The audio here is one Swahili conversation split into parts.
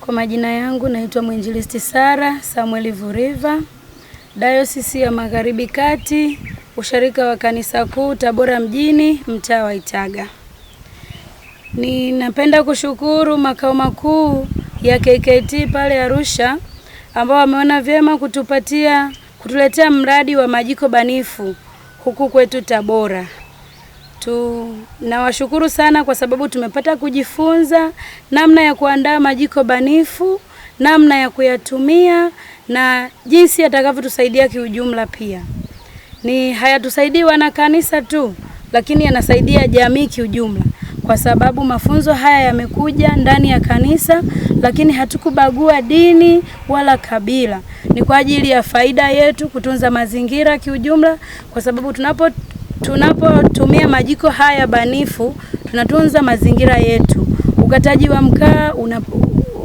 Kwa majina yangu naitwa Mwinjilisti Sara Samuel Vuriva, Dayosisi ya Magharibi Kati, Usharika wa Kanisa Kuu Tabora mjini, mtaa wa Itaga. Ninapenda kushukuru makao makuu ya kkt pale Arusha ambao wameona vyema kutupatia kutuletea mradi wa majiko banifu huku kwetu Tabora. Tunawashukuru sana kwa sababu tumepata kujifunza namna ya kuandaa majiko banifu, namna ya kuyatumia na jinsi yatakavyotusaidia kiujumla. Pia ni hayatusaidii wana kanisa tu, lakini yanasaidia jamii kiujumla, kwa sababu mafunzo haya yamekuja ndani ya kanisa, lakini hatukubagua dini wala kabila. Ni kwa ajili ya faida yetu kutunza mazingira kiujumla, kwa sababu tunapo Tunapotumia majiko haya banifu, tunatunza mazingira yetu. Ukataji wa mkaa una,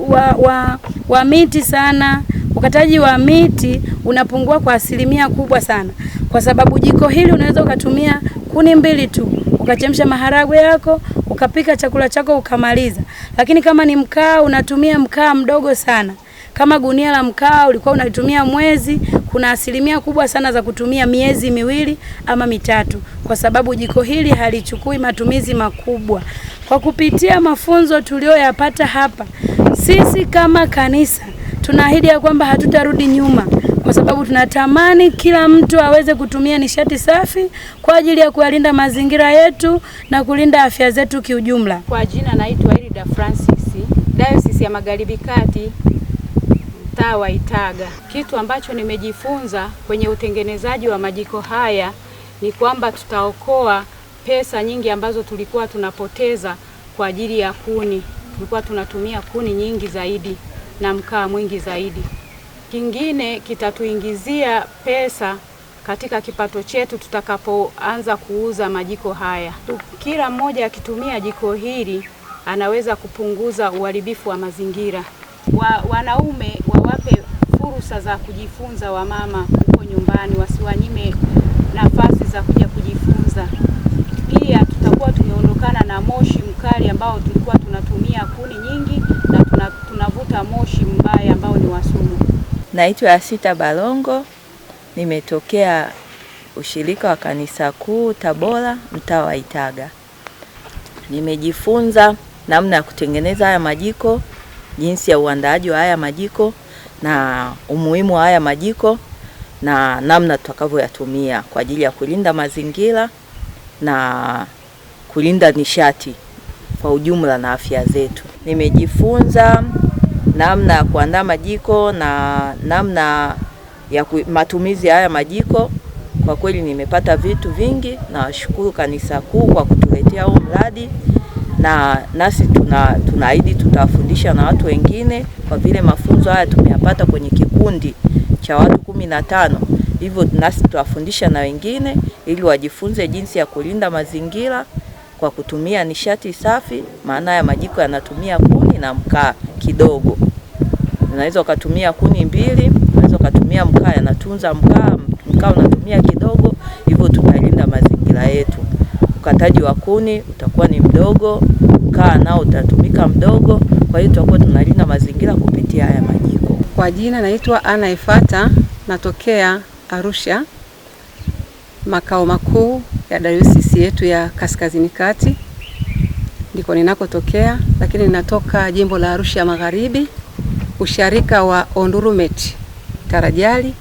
wa, wa, wa miti sana, ukataji wa miti unapungua kwa asilimia kubwa sana, kwa sababu jiko hili unaweza ukatumia kuni mbili tu ukachemsha maharagwe yako ukapika chakula chako ukamaliza. Lakini kama ni mkaa, unatumia mkaa mdogo sana. Kama gunia la mkaa ulikuwa unatumia mwezi, kuna asilimia kubwa sana za kutumia miezi miwili ama mitatu, kwa sababu jiko hili halichukui matumizi makubwa. Kwa kupitia mafunzo tuliyoyapata hapa, sisi kama kanisa tunaahidi ya kwamba hatutarudi nyuma kwa sababu tunatamani kila mtu aweze kutumia nishati safi kwa ajili ya kuyalinda mazingira yetu na kulinda afya zetu kiujumla. Kwa jina naitwa Hilda Francis, Dayosisi ya Magharibi Kati mtaa wa Itaga. Kitu ambacho nimejifunza kwenye utengenezaji wa majiko haya ni kwamba tutaokoa pesa nyingi ambazo tulikuwa tunapoteza kwa ajili ya kuni. Tulikuwa tunatumia kuni nyingi zaidi na mkaa mwingi zaidi. Kingine kitatuingizia pesa katika kipato chetu tutakapoanza kuuza majiko haya. Kila mmoja akitumia jiko hili anaweza kupunguza uharibifu wa mazingira wa, wanaume wawape fursa za kujifunza wamama huko nyumbani, wasiwanyime nafasi za kuja kujifunza. Pia tutakuwa tumeondokana na moshi mkali ambao tulikuwa tunatumia kuni nyingi na tuna, tunavuta moshi mbaya ambao ni wasumu. Naitwa Asita Balongo, nimetokea ushirika wa kanisa kuu Tabora, mtaa wa Itaga. Nimejifunza namna ya kutengeneza haya majiko jinsi ya uandaaji wa haya majiko na umuhimu wa haya majiko na namna tutakavyoyatumia kwa ajili ya kulinda mazingira na kulinda nishati kwa ujumla na afya zetu. Nimejifunza namna ya kuandaa majiko na namna ya matumizi ya haya majiko. Kwa kweli nimepata vitu vingi. Nawashukuru Kanisa Kuu kwa kutuletea huu mradi na nasi tuna tunaahidi tutawafundisha na watu wengine, kwa vile mafunzo haya tumeyapata kwenye kikundi cha watu kumi na tano. Hivyo nasi tutawafundisha na wengine ili wajifunze jinsi ya kulinda mazingira kwa kutumia nishati safi. Maana ya majiko yanatumia kuni na mkaa kidogo, unaweza ukatumia kuni mbili, unaweza ukatumia mkaa, yanatunza mkaa, mkaa unatumia kidogo, hivyo tutalinda mazingira yetu ukataji wa kuni utakuwa ni mdogo, kaa nao utatumika mdogo. Kwa hiyo tutakuwa tunalinda mazingira kupitia haya majiko. Kwa jina naitwa Ana Ifata, natokea Arusha, makao makuu ya dayosisi yetu ya Kaskazini Kati ndiko ninakotokea, lakini ninatoka jimbo la Arusha Magharibi, usharika wa Ondurumeti, Tarajali,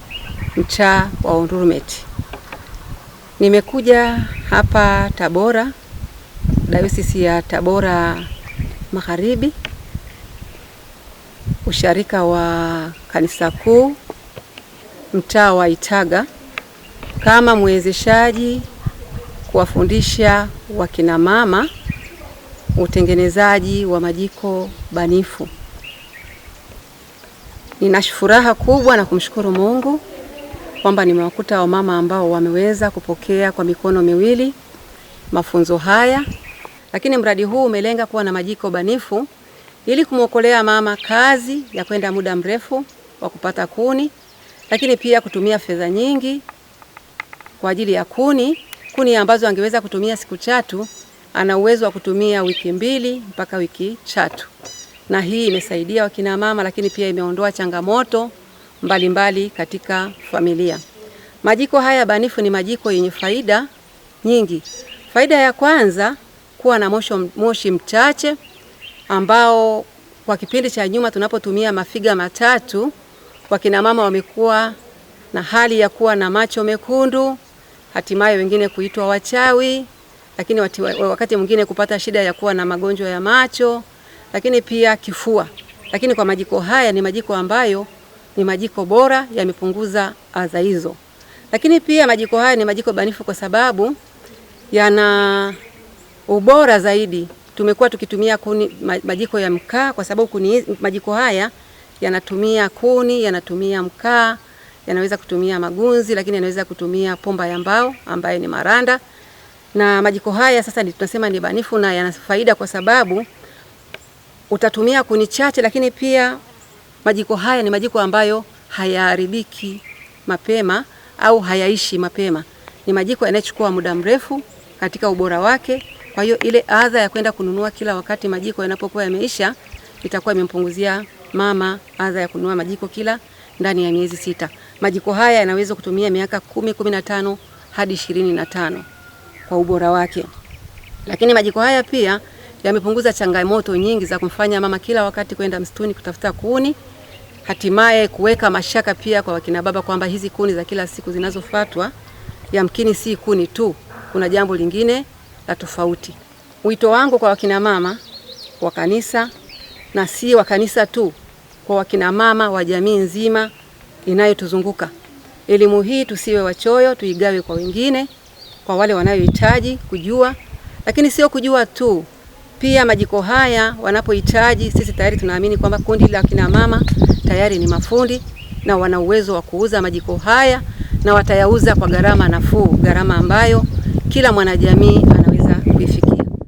mtaa wa Ondurumeti. Nimekuja hapa Tabora, dayosisi ya Tabora Magharibi, usharika wa kanisa kuu mtaa wa Itaga, kama mwezeshaji kuwafundisha wakinamama utengenezaji wa majiko banifu. Nina furaha kubwa na kumshukuru Mungu kwamba nimewakuta wamama ambao wameweza kupokea kwa mikono miwili mafunzo haya, lakini mradi huu umelenga kuwa na majiko banifu ili kumwokolea mama kazi ya kwenda muda mrefu wa kupata kuni, lakini pia kutumia fedha nyingi kwa ajili ya kuni, kuni ambazo angeweza kutumia siku chatu ana uwezo wa kutumia wiki mbili mpaka wiki chatu, na hii imesaidia wakina mama, lakini pia imeondoa changamoto mbalimbali mbali katika familia. Majiko haya banifu ni majiko yenye faida nyingi. Faida ya kwanza, kuwa na mosho, moshi mchache ambao kwa kipindi cha nyuma tunapotumia mafiga matatu wakina mama wamekuwa na hali ya kuwa na macho mekundu, hatimaye wengine kuitwa wachawi, lakini wakati mwingine kupata shida ya kuwa na magonjwa ya macho, lakini pia kifua. Lakini kwa majiko haya ni majiko ambayo ni majiko bora, yamepunguza adha hizo. Lakini pia majiko haya ni majiko banifu kwa sababu yana ubora zaidi. Tumekuwa tukitumia kuni, majiko ya mkaa kwa sababu kuni, majiko haya yanatumia kuni, yanatumia mkaa, yanaweza kutumia magunzi, lakini yanaweza kutumia pomba ya mbao ambayo ni maranda. Na majiko haya sasa ni, tunasema ni banifu na yana faida kwa sababu utatumia kuni chache, lakini pia Majiko haya ni majiko ambayo hayaharibiki mapema au hayaishi mapema, ni majiko yanayochukua muda mrefu katika ubora wake. Kwa hiyo ile adha ya kwenda kununua kila wakati majiko yanapokuwa yameisha, itakuwa imempunguzia mama adha ya kununua majiko kila ndani ya miezi sita. Majiko haya yanaweza kutumia miaka kumi, kumi na tano hadi ishirini na tano kwa ubora wake, lakini majiko haya pia yamepunguza changamoto nyingi za kumfanya mama kila wakati kwenda msituni kutafuta kuni, hatimaye kuweka mashaka pia kwa wakina baba kwamba hizi kuni za kila siku zinazofuatwa yamkini si kuni tu, kuna jambo lingine la tofauti. Wito wangu kwa wakina mama wa kanisa na si wa kanisa tu, kwa wakina mama wa jamii nzima inayotuzunguka, elimu hii tusiwe wachoyo, tuigawe kwa wengine, kwa wale wanayohitaji kujua, lakini sio kujua tu pia majiko haya wanapohitaji, sisi tayari tunaamini kwamba kundi la kina mama tayari ni mafundi na wana uwezo wa kuuza majiko haya na watayauza kwa gharama nafuu, gharama ambayo kila mwanajamii